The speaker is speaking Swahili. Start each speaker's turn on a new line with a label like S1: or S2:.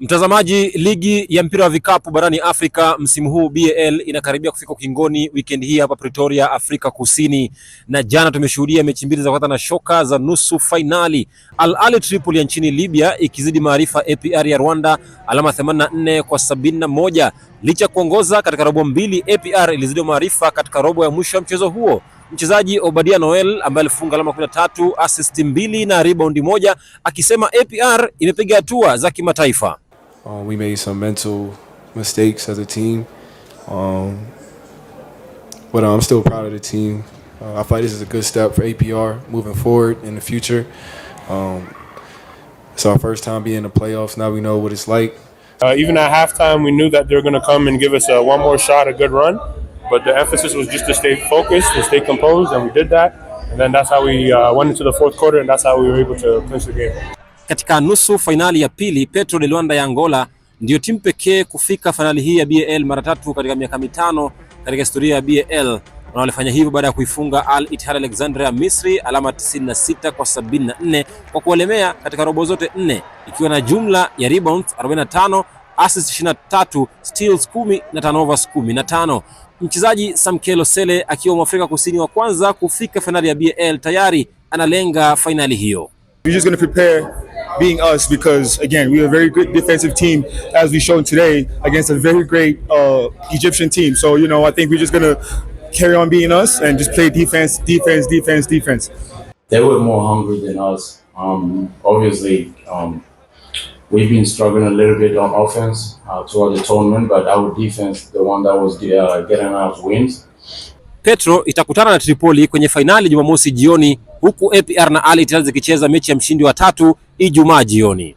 S1: Mtazamaji, ligi ya mpira wa vikapu barani Afrika msimu huu BAL inakaribia kufika ukingoni weekend hii hapa Pretoria, Afrika Kusini, na jana tumeshuhudia mechi mbili za kwanza na shoka za nusu fainali, Al Ahly Tripoli ya nchini Libya ikizidi Maarifa APR ya Rwanda alama 84 kwa 71. Licha ya kuongoza katika robo mbili, APR ilizidi Maarifa katika robo ya mwisho ya mchezo huo. Mchezaji Obadia Noel ambaye alifunga alama 13, assist mbili na rebound moja, akisema APR imepiga hatua za kimataifa.
S2: Um, we made some mental mistakes as a team. Um, but I'm still proud of the team. Uh, I feel like this is a good step for APR moving forward in the future. Um, it's our first time being in the playoffs. Now we know what it's like.
S3: Uh, even at halftime, we knew that they were going to come and give us a, uh, one more shot, a good run. But the emphasis was just to stay focused and stay composed, and we did that. And then that's how we uh, went into the fourth quarter, and that's how we were able to clinch the game.
S1: katika nusu fainali ya pili. Petro de Luanda ya Angola ndiyo timu pekee kufika fainali hii ya BAL mara tatu katika miaka mitano katika historia ya BAL na walifanya hivyo baada ya kuifunga Al Ittihad Alexandria Misri alama 96 kwa 74 kwa kuwalemea katika robo zote nne, ikiwa na jumla ya rebounds 45, assists 23, steals 10 na turnovers 15. Mchezaji Samkelo Sele akiwa Mwafrika Kusini wa kwanza kufika fainali ya BAL tayari analenga fainali hiyo.
S4: We're just to prepare being us because again we are a very good defensive team as we shown today against a very great uh, Egyptian team. So you know I think we're just gonna carry on being us and just play defense, defense, defense, defense.
S5: They were more hungry than us. Um, obviously, um, we've been struggling a little bit on offense uh, throughout the tournament, but our defense, the one that was uh, getting us wins.
S1: Petro itakutana na Tripoli kwenye fainali Jumamosi jioni huku APR na Ali Ittihad zikicheza mechi ya mshindi wa tatu Ijumaa jioni.